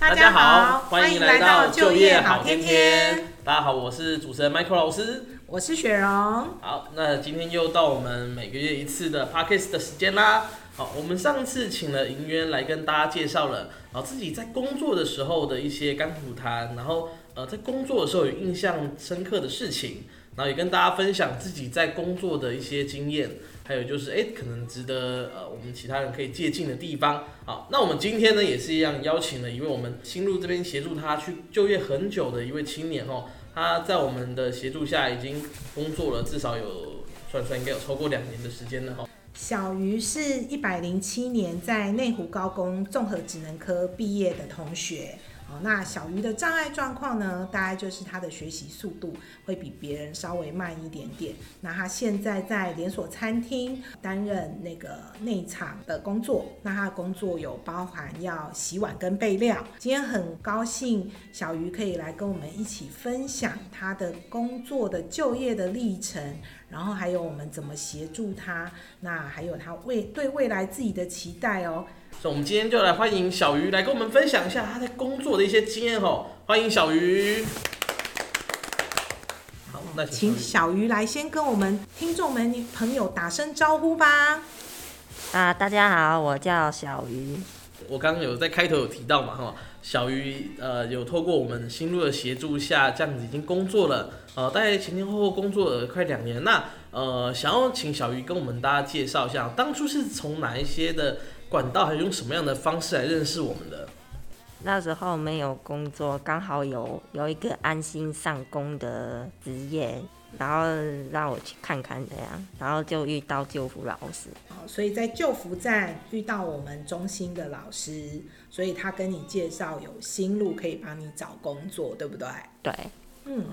大家好，歡迎來到就業好天天。天天大家好，我是主持人 Michael 老師，我是雪蓉。好，那今天又到我們每個月一次的 Podcast 的時間啦。好，我們上次請了銀淵來跟大家介紹了，自己在工作的時候的一些甘苦談，然後呃，在工作的時候有印象深刻的事情，然後也跟大家分享自己在工作的一些經驗。還有就是，哎、欸，可能值得呃我們其他人可以借鑑的地方。好，那我們今天呢也是一樣，邀請了一位我們新路這邊協助他去就業很久的一位青年哈、哦。他在我們的協助下已經工作了至少有算算應該有超過兩年的時間了哈。哦、小瑜是一百零七年在內湖高工綜合職能科畢業的同學。那小瑜的障礙狀況呢，大概就是他的學習速度會比別人稍微慢一點點。那他現在在連鎖餐廳擔任那個內場的工作。那他的工作有包含要洗碗跟備料。今天很高興小瑜可以來跟我們一起分享他的工作的就業的歷程，然後還有我們怎麼協助他，那還有他未對未來自己的期待哦。所以，我們今天就來歡迎小瑜來跟我們分享一下她在工作的一些經驗吼、喔，歡迎小瑜。好，那請小瑜，請小瑜來先跟我們聽眾們朋友打聲招呼吧。啊，大家好，我叫小瑜。我剛剛有在開頭有提到嘛，哈，小瑜呃有透過我們心路的協助下，這樣子已經工作了，呃，大概前前後後工作了快兩年。那呃，想要請小瑜跟我們大家介紹一下，當初是從哪一些的管道還用什麼樣的方式來認識我們的？那時候沒有工作，剛好有有一個安心上工的職業，然後讓我去看看怎樣，然後就遇到就服老師。好，所以在就服站遇到我們中心的老師，所以他跟你介紹有心路可以幫你找工作，對不對？對，嗯。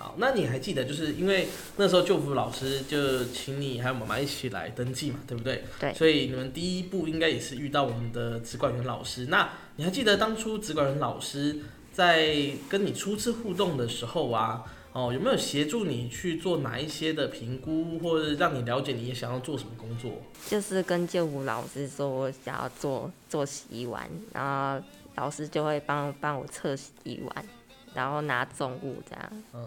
好，那你還記得，就是因為那時候就服老師就請你還有媽媽一起來登記嘛，對不對？對。所以你們第一步應該也是遇到我們的職管員老師。那你還記得當初職管員老師在跟你初次互動的時候啊，哦，有沒有協助你去做哪一些的評估，或者讓你了解你想要做什麼工作？就是跟就服老師說我想要做做洗碗，然後老師就會幫幫我測洗碗，然後拿重物這樣。嗯。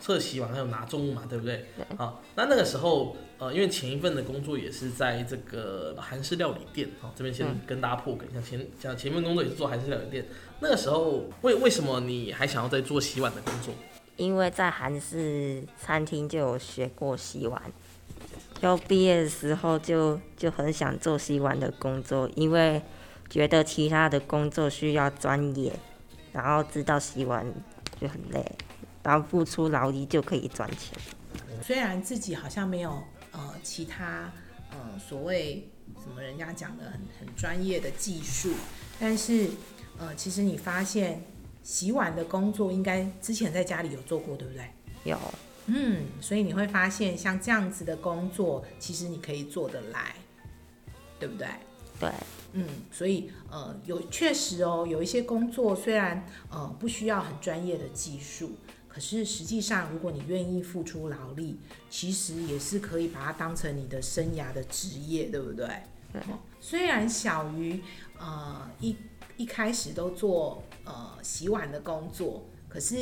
側洗碗，還有拿重物嘛，對不對？好對、啊，那那個時候，呃，因為前一份的工作也是在這個韓式料理店，好、啊，這邊先跟大家破梗。像前像前面工作也是做韓式料理店，那個時候為為什麼你還想要再做洗碗的工作？因為在韓式餐廳就有學過洗碗，要畢業的時候就就很想做洗碗的工作，因為覺得其他的工作需要專業，然後知道洗碗就很累。當付出勞力就可以賺錢。雖然自己好像沒有呃其他呃所謂什麼人家講的很很專業的技術，但是呃其實你發現洗碗的工作應該之前在家裡有做過，對不對？有。嗯，所以你會發現像這樣子的工作，其實你可以做得來，對不對？對。嗯，所以呃有確實哦，有一些工作雖然呃不需要很專業的技術。可是實際上，如果你願意付出勞力，其實也是可以把它當成你的生涯的職業，對不對？對。雖然小瑜呃一一開始都做呃洗碗的工作，可是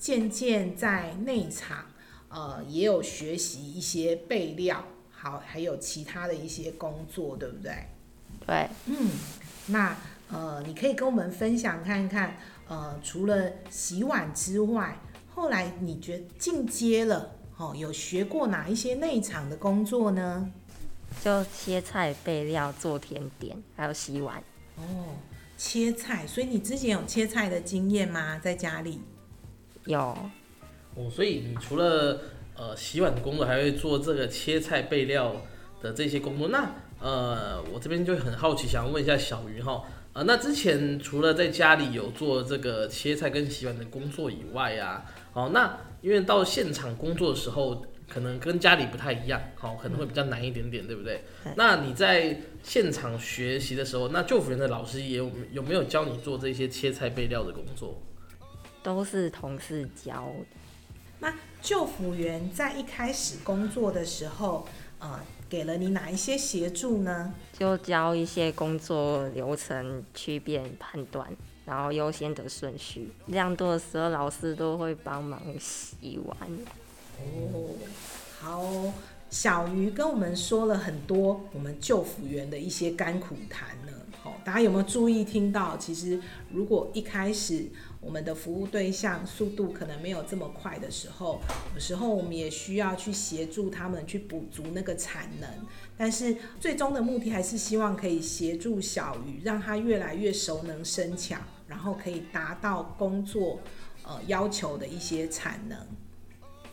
漸漸在內場呃也有學習一些備料，好，還有其他的一些工作，對不對？對，嗯，那呃你可以跟我們分享看一看，呃，除了洗碗之外。後來你覺進階了，哦，有學過哪一些內場的工作呢？就切菜、備料、做甜點，還有洗碗。哦，切菜，所以你之前有切菜的經驗嗎？在家裡？有。哦，所以你除了呃洗碗的工作，還會做這個切菜備料的這些工作。那呃，我這邊就很好奇，想要問一下小瑜哈，呃，那之前除了在家裡有做這個切菜跟洗碗的工作以外啊？好、哦，那因為到現場工作的時候，可能跟家裡不太一樣，好、哦，可能會比較難一點點，嗯、對不對？嗯、那你在現場學習的時候，那就服員的老師也有有沒有教你做這些切菜備料的工作？都是同事教的。那就服員在一開始工作的時候，啊、呃，給了你哪一些協助呢？就教一些工作流程，區別判斷。然後優先的順序，量多的時候，老師都會幫忙洗碗。哦，oh, 好，小瑜跟我們說了很多我們就服員的一些甘苦談呢。好，大家有沒有注意聽到？其實如果一開始。我們的服務對象速度可能沒有這麼快的時候，有時候我們也需要去協助他們去補足那個產能。但是最終的目的還是希望可以協助小瑜，讓他越來越熟能生巧，然後可以達到工作呃要求的一些產能，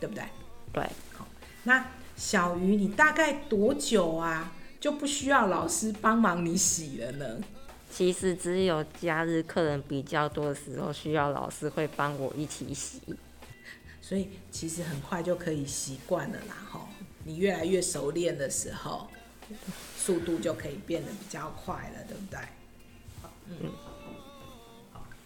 對不對？對，好，那小瑜你大概多久啊就不需要老師幫忙你洗了呢？其實只有假日客人比較多的時候，需要老師會幫我一起洗，所以其實很快就可以習慣了啦。吼，你越來越熟練的時候，速度就可以變得比較快了，對不對？好嗯。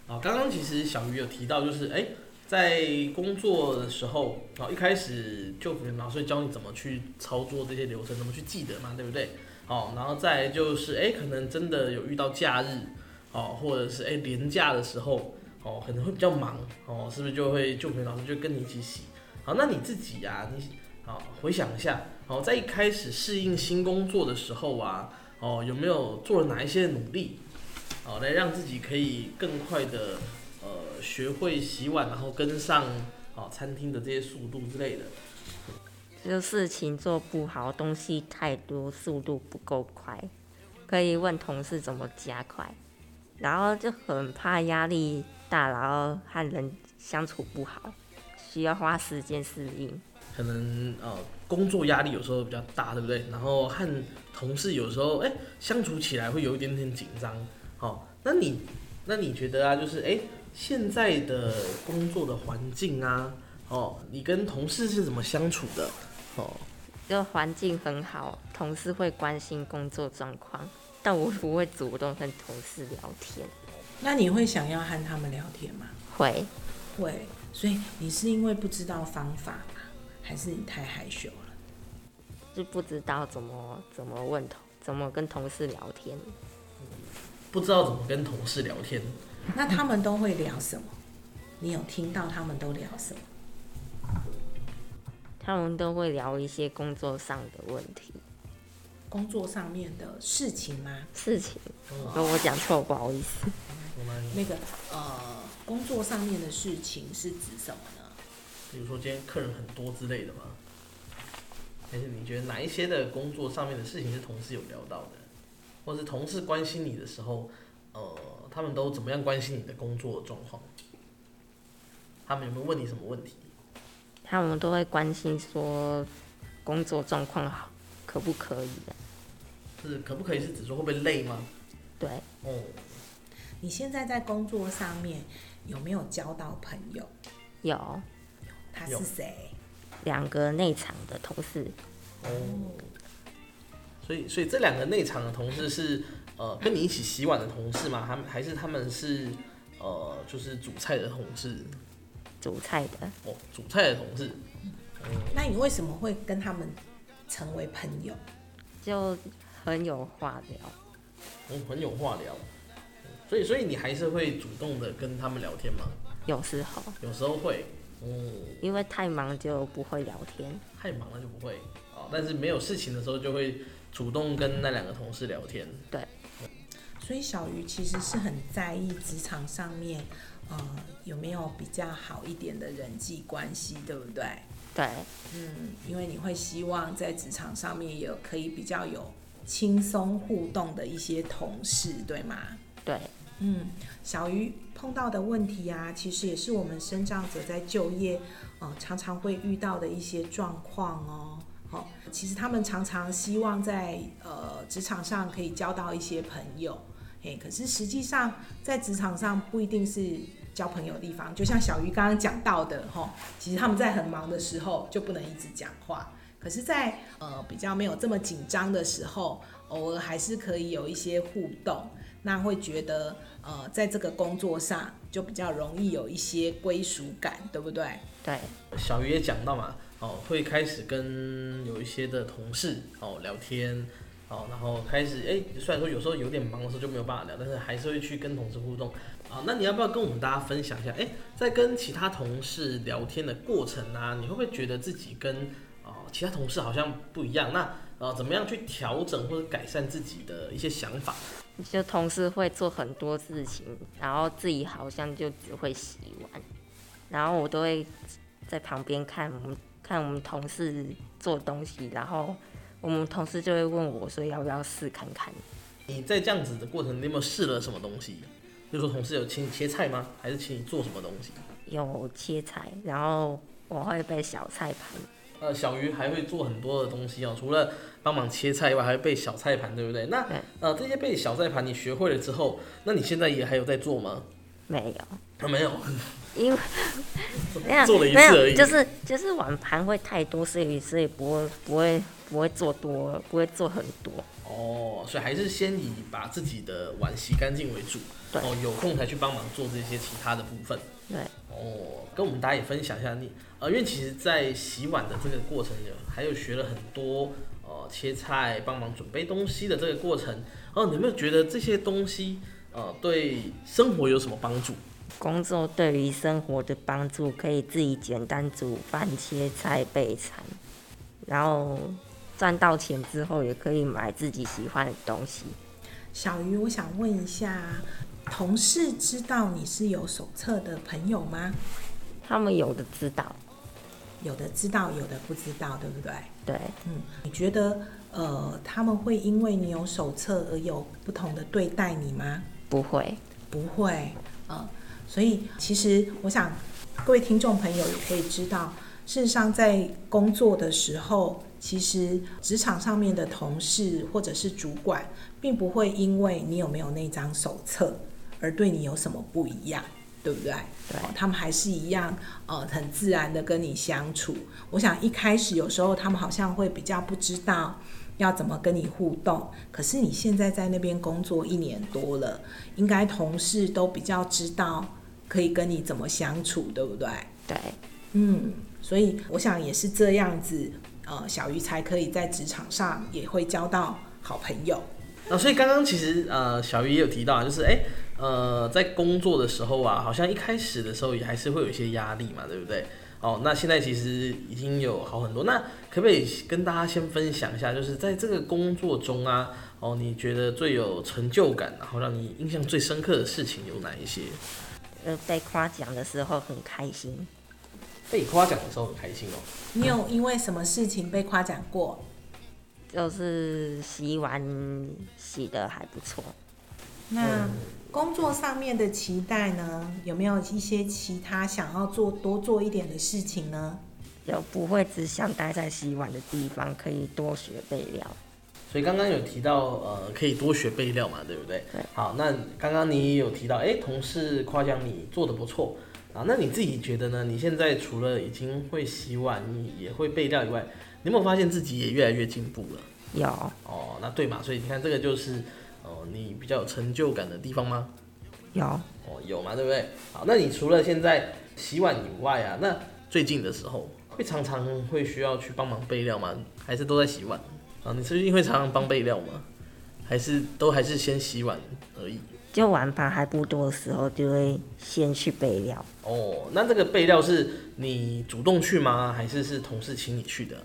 好，剛剛其實小瑜有提到，就是誒、欸，在工作的時候，好一開始就老師教你怎麼去操作這些流程，怎麼去記得嘛，對不對？哦，然後再就是，哎、欸，可能真的有遇到假日，哦、喔，或者是哎、欸，連假的時候，哦、喔，可能會比較忙，哦、喔，是不是就會就陪老師就跟你一起洗？好，那你自己呀、啊，你，好回想一下，哦，在一開始適應新工作的時候啊，哦、喔，有沒有做了哪一些努力，哦，來讓自己可以更快的，呃，學會洗碗，然後跟上哦、喔，餐廳的這些速度之類的。就事情做不好，東西太多，速度不夠快，可以問同事怎麼加快。然後就很怕壓力大，然後和人相處不好，需要花時間適應。可能呃、哦，工作壓力有時候比較大，對不對？然後和同事有時候哎、欸、相處起來會有一點點緊張。好、哦，那你那你覺得啊，就是哎、欸、現在的工作的環境啊，哦，你跟同事是怎麼相處的？就環境很好，同事會關心工作狀況，但我不會主動跟同事聊天。那你會想要和他們聊天嗎？會，會。所以你是因為不知道方法嗎？還是你太害羞了？就不知道怎麼怎麼問同，怎麼跟同事聊天。嗯，不知道怎麼跟同事聊天。那他們都會聊什麼？你有聽到他們都聊什麼？他們都會聊一些工作上的問題，工作上面的事情嗎？事情，哦，我講錯，不好意思。那個呃，工作上面的事情是指什麼呢？比如說今天客人很多之類的嗎？還是你覺得哪一些的工作上面的事情是同事有聊到的？或是同事關心你的時候，呃，他們都怎麼樣關心你的工作狀況？他們有沒有問你什麼問題？他們都會關心說，工作狀況好，可不可以？是可不可以是指說會不會累嗎？嗯、對。哦、嗯。你現在在工作上面有沒有交到朋友？有。有。他是誰？兩個內場的同事。哦、嗯。所以，所以這兩個內場的同事是呃，跟你一起洗碗的同事嗎？還還是他們是呃，就是煮菜的同事？煮菜的哦，煮菜的同事，嗯、那你為什麼會跟他們成為朋友？就很有話聊，嗯，很有話聊，所以所以你還是會主動的跟他們聊天嗎？有時候，有時候會，嗯，因為太忙就不會聊天，太忙了就不會、哦，但是沒有事情的時候就會主動跟那兩個同事聊天，對，嗯、所以小瑜其實是很在意職場上面。嗯，有沒有比較好一點的人際關係，對不對？對，嗯，因為你會希望在職場上面有可以比較有輕鬆互動的一些同事，對嗎？對，嗯，小瑜碰到的問題啊，其實也是我們身障者在就業，呃，常常會遇到的一些狀況哦。哦，其實他們常常希望在呃職場上可以交到一些朋友。欸，可是實際上，在職場上不一定是交朋友的地方。就像小瑜剛剛講到的，齁，其實他們在很忙的時候就不能一直講話。可是在，在呃比較沒有這麼緊張的時候，偶爾還是可以有一些互動。那會覺得，呃，在這個工作上就比較容易有一些歸屬感，對不對？對。小瑜也講到嘛，哦，會開始跟有一些的同事哦聊天。然後開始哎，雖然說有時候有點忙的時候就沒有辦法聊，但是還是會去跟同事互動。啊，那你要不要跟我們大家分享一下？哎，在跟其他同事聊天的過程啊，你會不會覺得自己跟啊、呃、其他同事好像不一樣？那呃，怎麼樣去調整或者改善自己的一些想法？就同事會做很多事情，然後自己好像就只會洗碗，然後我都會在旁邊看看我們同事做東西，然後。我們同事就會問我，說要不要試看看。你在這樣子的過程，你有沒有試了什麼東西？就是、說同事有請你切菜嗎？還是請你做什麼東西？有切菜，然後我會備小菜盤。呃，小瑜還會做很多的東西哦，除了幫忙切菜以外，還會備小菜盤，對不對？那、嗯、呃，這些備小菜盤你學會了之後，那你現在也還有在做嗎？沒有、呃，沒有，因為做了一次而已。沒有，沒有，就是就是碗盤會太多，所以所以不會不會。不會做多了，不會做很多。哦，所以還是先以把自己的碗洗乾淨為主。對。哦，有空才去幫忙做這些其他的部分。對。哦，跟我們大家也分享一下你，呃，因為其實，在洗碗的這個過程裡，還有學了很多，呃，切菜、幫忙準備東西的這個過程。哦，呃，你有沒有覺得這些東西，呃，對生活有什麼幫助？工作對於生活的幫助，可以自己簡單煮飯、切菜、備餐，然後。賺到錢之後，也可以買自己喜歡的東西。小瑜，我想問一下，同事知道你是有手冊的朋友嗎？他們有的知道，有的知道，有的不知道，對不對？對，嗯，你覺得呃，他們會因為你有手冊而有不同的對待你嗎？不會，不會，嗯、呃。所以，其實我想各位聽眾朋友也可以知道，事實上在工作的時候。其實職場上面的同事或者是主管，並不會因為你有沒有那張手冊而對你有什麼不一樣，對不對？對。哦，他們還是一樣，呃，很自然的跟你相處。我想一開始有時候他們好像會比較不知道要怎麼跟你互動，可是你現在在那邊工作一年多了，應該同事都比較知道可以跟你怎麼相處，對不對？對，嗯，所以我想也是這樣子。嗯呃，小瑜才可以在職場上也會交到好朋友。那、啊、所以剛剛其實呃，小瑜也有提到，啊，就是哎、欸，呃，在工作的時候啊，好像一開始的時候也還是會有一些壓力嘛，對不對？哦，那現在其實已經有好很多。那可不可以跟大家先分享一下，就是在這個工作中啊，哦，你覺得最有成就感，啊，然後讓你印象最深刻的事情有哪一些？呃，被誇獎的時候很開心。被誇獎的時候很開心哦、喔嗯。你有因為什麼事情被誇獎過？就是洗碗洗得還不錯。那工作上面的期待呢？有沒有一些其他想要做多做一點的事情呢？有不會只想待在洗碗的地方，可以多學備料。所以剛剛有提到，呃，可以多學備料嘛，對不對？對。好，那剛剛你有提到，哎、欸，同事誇獎你做得不錯。啊，那你自己覺得呢？你現在除了已經會洗碗，你也會備料以外，你有沒有發現自己也越來越進步了？有。哦，那對嘛？所以你看，這個就是，哦、呃，你比較有成就感的地方嗎？有。哦，有嘛？對不對？好，那你除了現在洗碗以外啊，那最近的時候會常常會需要去幫忙備料嗎？還是都在洗碗？啊，你最近會常常幫備料嗎？還是都還是先洗碗而已？就玩法還不多的時候，就會先去備料。哦，那這個備料是你主動去嗎？還是是同事請你去的？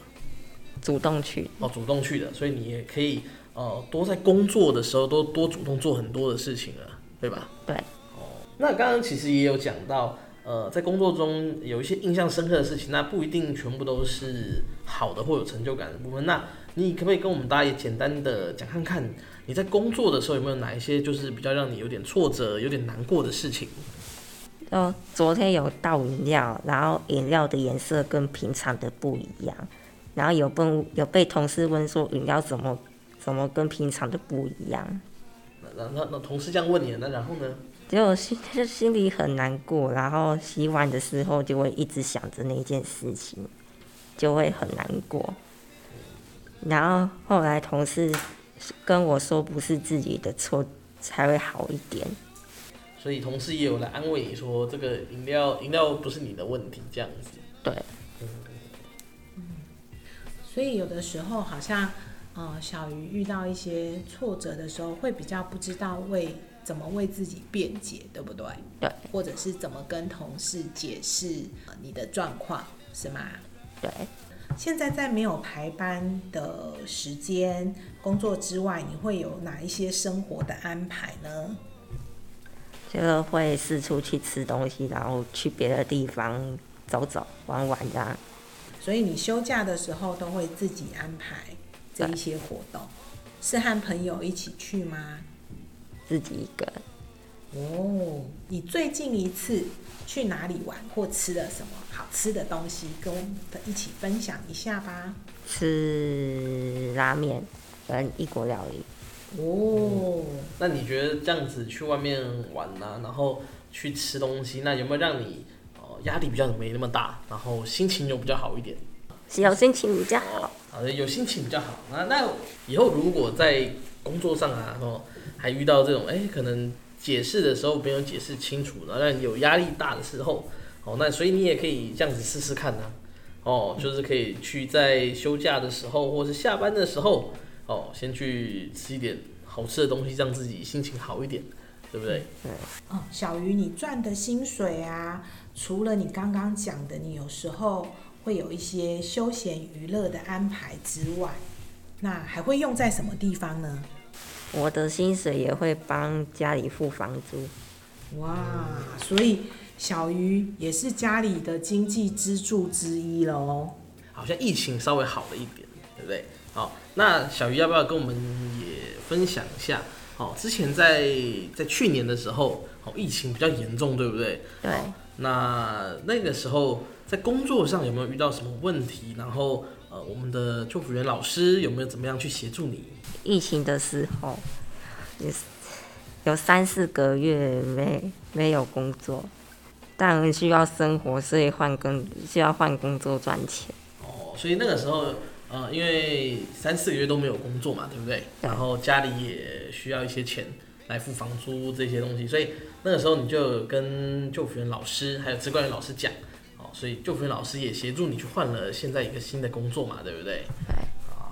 主動去。哦，主動去的，所以你也可以呃，多在工作的時候都多，多主動做很多的事情啊，對吧？對。哦，那剛剛其實也有講到，呃，在工作中有一些印象深刻的事情，那不一定全部都是好的或有成就感的部分。那，你可不可以跟我們大家也簡單的講看看？你在工作的時候有沒有哪一些就是比較讓你有點挫折、有點難過的事情？哦，昨天有倒飲料，然後飲料的顏色跟平常的不一樣，然後有問，有被同事問說飲料怎麼怎麼跟平常的不一樣？那那那，那同事這樣問你呢？然後呢？就心就心裡很難過，然後洗碗的時候就會一直想着那件事情，就會很難過。然後後來同事。跟我說不是自己的錯，才會好一點，所以同事也有了安慰你，說這個飲料飲料不是你的問題，這樣子。對，嗯，嗯，所以有的時候好像，呃，小瑜遇到一些挫折的時候，會比較不知道為怎麼為自己辯解，對不對？對，或者是怎麼跟同事解釋你的狀況，是嗎？對。現在在沒有排班的時間，工作之外，你會有哪一些生活的安排呢？就會四處去吃東西，然後去別的地方走走、玩玩呀、啊。所以你休假的時候都會自己安排這一些活動，對是和朋友一起去嗎？自己一個人。哦，你最近一次去哪裡玩或吃了什麼好吃的東西，跟我們一起分享一下吧。吃拉麵，正異國料理。哦，嗯、那你覺得這樣子去外面玩吶、啊，然後去吃東西，那有沒有讓你哦壓、呃、力比較沒那麼大，然後心情又比較好一點好、哦？有心情比較好。啊，有心情比較好啊有心情比較好那那以後如果在工作上啊，然後還遇到這種誒、欸、可能。解釋的時候沒有解釋清楚，然後有壓力大的時候，哦，那所以你也可以這樣子試試看呢、啊？哦，就是可以去在休假的時候或是下班的時候，哦，先去吃一點好吃的東西，讓自己心情好一點，對不對？對、嗯，啊、哦，小瑜，你賺的薪水啊，除了你剛剛講的，你有時候會有一些休閒娛樂的安排之外，那還會用在什麼地方呢？我的薪水也會幫家裡付房租，哇！所以小瑜也是家裡的經濟支柱之一嘍。好像疫情稍微好了一點，對不對？好，那小瑜要不要跟我們也分享一下？哦，之前在在去年的時候，哦，疫情比較嚴重，對不對？對。那那個時候在工作上有沒有遇到什麼問題？然後。呃，我們的就服員老師有沒有怎麼樣去協助你？疫情的時候，有有三四個月沒沒有工作，但需要生活，所以換工需要換工作賺錢。哦，所以那個時候，呃，因為三四個月都沒有工作嘛，對不對？對然後家裡也需要一些錢來付房租這些東西，所以那個時候你就跟就服員老師還有職管員老師講。所以就服老師也協助你去換了現在一個新的工作嘛，對不對？對。Okay . Oh.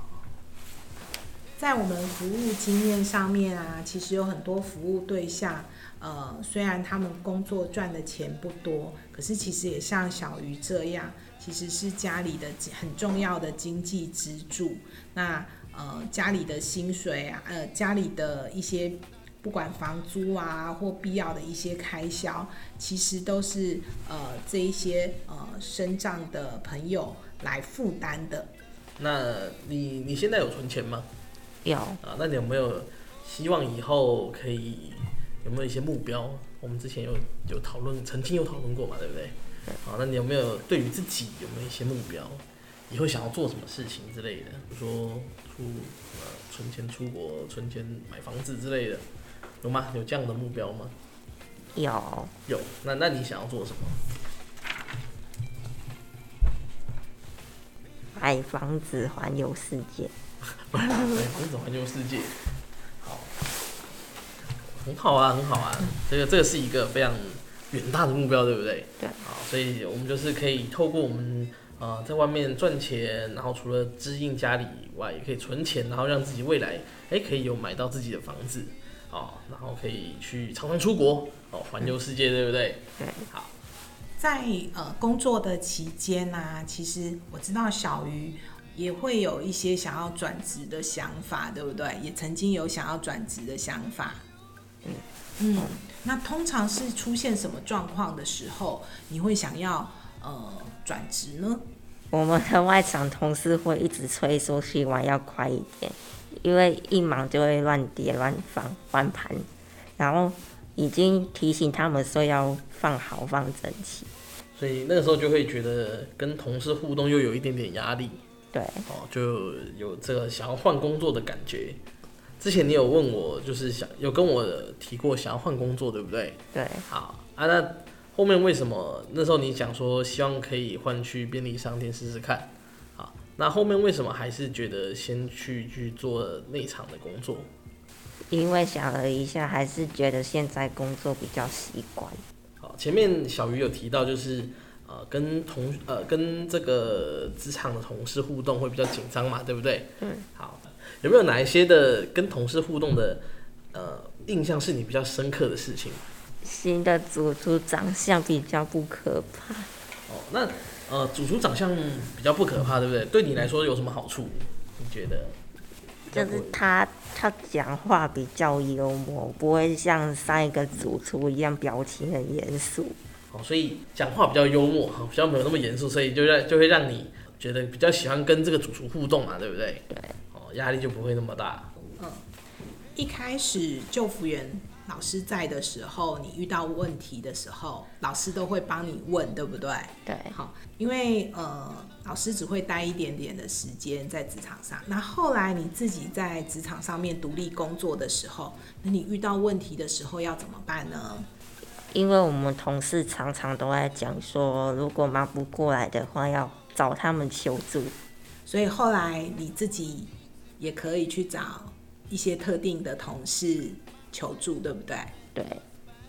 在我們服務經驗上面啊，其實有很多服務對象，呃，雖然他們工作賺的錢不多，可是其實也像小瑜這樣，其實是家裡的很重要的經濟支柱。那呃，家裡的薪水啊，呃，家裡的一些。不管房租啊或必要的一些開銷，其實都是呃這一些呃身障的朋友來負擔的。那你你現在有存錢嗎？有啊。那你有沒有希望以後可以有沒有一些目標？我們之前有有討論，曾經有討論過嘛，對不對？好、啊，那你有沒有對於自己有沒有一些目標？以後想要做什麼事情之類的？比如說出呃存錢出國，存錢買房子之類的。有嗎？有這樣的目標嗎？有。有，那那你想要做什麼？買房子，環遊世界。 買房子，環遊世界。 好。很好啊，很好啊，這個這是一個非常遠大的目標，對不對？對。好，所以我們就是可以透過我們呃在外面賺錢，然後除了支應家裡以外，也可以存錢，然後讓自己未來誒，可以有買到自己的房子。哦，然後可以去常常出國環遊世界，嗯、對不對？對、嗯。好，在呃工作的期間呢、啊，其實我知道小瑜也會有一些想要轉職的想法，對不對？也曾經有想要轉職的想法。嗯嗯，嗯嗯，那通常是出現什麼狀況的時候，你會想要呃轉職呢？我們的外場同事會一直催說希望要快一點。因為一忙就會亂疊亂放翻盤，然後已經提醒他們說要放好放整齊，所以那個時候就會覺得跟同事互動又有一點點壓力。對。哦，就有這個想要換工作的感覺。之前你有問我，就是想有跟我提過想要換工作，對不對？對。好啊，那後面為什麼那時候你講說希望可以換去便利商店試試看？那後面為什麼還是覺得先去去做內場的工作？因為想了一下，還是覺得現在工作比較習慣。好，前面小瑜有提到，就是呃，跟同呃，跟這個職場的同事互動會比較緊張嘛，對不對？嗯。好，有沒有哪一些的跟同事互動的呃印象是你比較深刻的事情？新的組組長相比較不可怕。哦，那。呃，主廚長相比較不可怕，對不對？對你來說有什麼好處？你覺得？就是他，他講話比較幽默，不會像上一個主廚一樣、嗯、表情很嚴肅。哦，所以講話比較幽默，比較沒有那麼嚴肅，所以就讓就會讓你覺得比較喜歡跟這個主廚互動嘛、啊，對不對？對。哦，壓力就不會那麼大。嗯，一開始就服員老師在的時候，你遇到問題的時候，老師都會幫你問，對不對？對，好，因為呃，老師只會待一點點的時間在職場上。那後來你自己在職場上面獨立工作的時候，那你遇到問題的時候要怎麼辦呢？因為我們同事常常都在講說，如果忙不過來的話，要找他們求助。所以後來你自己也可以去找一些特定的同事求助對不對？對，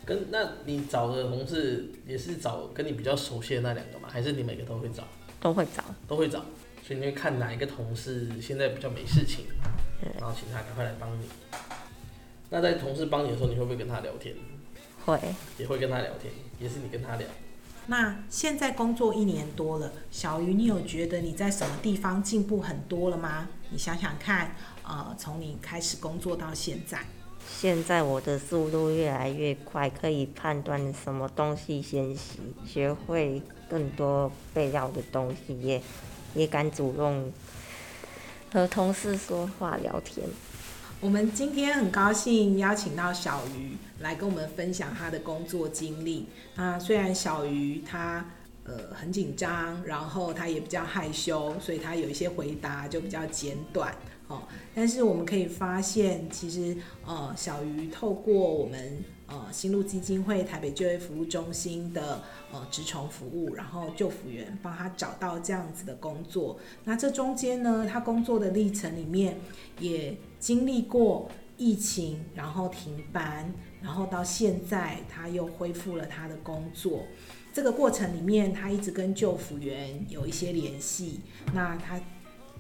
跟那你找的同事也是找跟你比較熟悉的那兩個嗎？還是你每個都會找？都會找，都會找。所以你會看哪一個同事現在比較沒事情，對然後請他趕快來幫你。那在同事幫你的時候，你會不會跟他聊天？會，也會跟他聊天，也是你跟他聊。那現在工作一年多了，小瑜，你有覺得你在什麼地方進步很多了嗎？你想想看，啊、呃，從你開始工作到現在。現在我的速度越來越快，可以判斷什麼東西先洗，學會更多備料的東西，也，也敢主動和同事說話聊天。我們今天很高興邀請到小瑜來跟我們分享他的工作經歷。那雖然小瑜他呃很緊張，然後他也比較害羞，所以他有一些回答就比較簡短。哦，但是我們可以發現，其實呃，小瑜透過我們呃新路基金會台北就業服務中心的呃職重服務，然後就服員幫他找到這樣子的工作。那這中間呢，他工作的歷程裡面也經歷過疫情，然後停班，然後到現在他又恢復了他的工作。這個過程裡面，他一直跟就服員有一些聯繫。那他。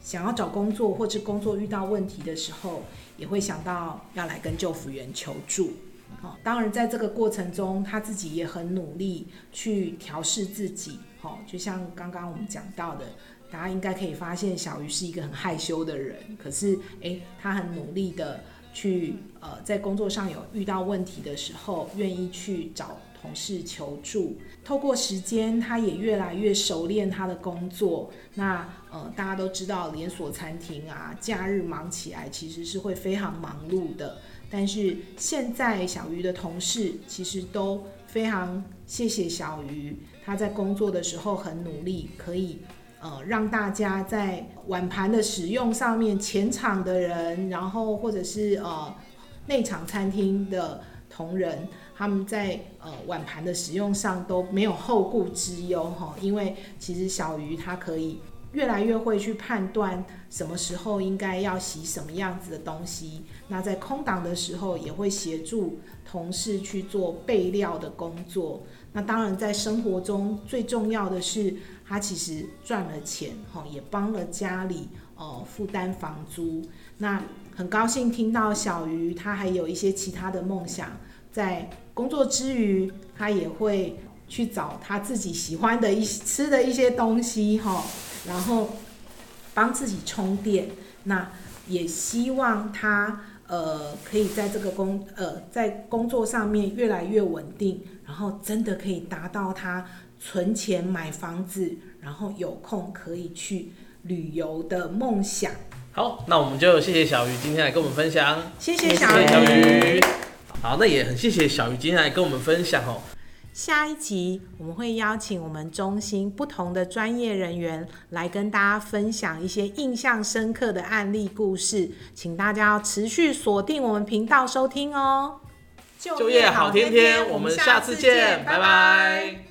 想要找工作，或者是工作遇到問題的時候，也會想到要來跟就服員求助。哦，當然在這個過程中，他自己也很努力去調適自己。哦，就像剛剛我們講到的，大家應該可以發現，小瑜是一個很害羞的人，可是誒、欸，他很努力的去呃，在工作上有遇到問題的時候，願意去找。同事求助，透過時間，他也越來越熟練他的工作。那呃，大家都知道連鎖餐廳啊，假日忙起來其實是會非常忙碌的。但是現在小瑜的同事其實都非常謝謝小瑜，他在工作的時候很努力，可以呃讓大家在碗盤的使用上面，前場的人，然後或者是呃內場餐廳的同仁。他們在呃碗盤的使用上都沒有後顧之憂哈，因為其實小瑜他可以越來越會去判斷什麼時候應該要洗什麼樣子的東西。那在空檔的時候也會協助同事去做備料的工作。那當然，在生活中最重要的是，他其實賺了錢哈，也幫了家裡呃負擔房租。那很高興聽到小瑜他還有一些其他的夢想在。工作之餘，他也會去找他自己喜歡的一些吃的一些東西，然後幫自己充電。那也希望他呃可以在這個工呃在工作上面越來越穩定，然後真的可以達到他存錢買房子，然後有空可以去旅遊的夢想。好，那我們就謝謝小瑜今天來跟我們分享，謝謝小瑜。謝謝小瑜好，那也很謝謝小瑜今天來跟我們分享哦。下一集我們會邀請我們中心不同的專業人員來跟大家分享一些印象深刻的案例故事，請大家要持續鎖定我們頻道收聽哦。就業好天天，天天我們下次見，下次見拜拜。拜拜。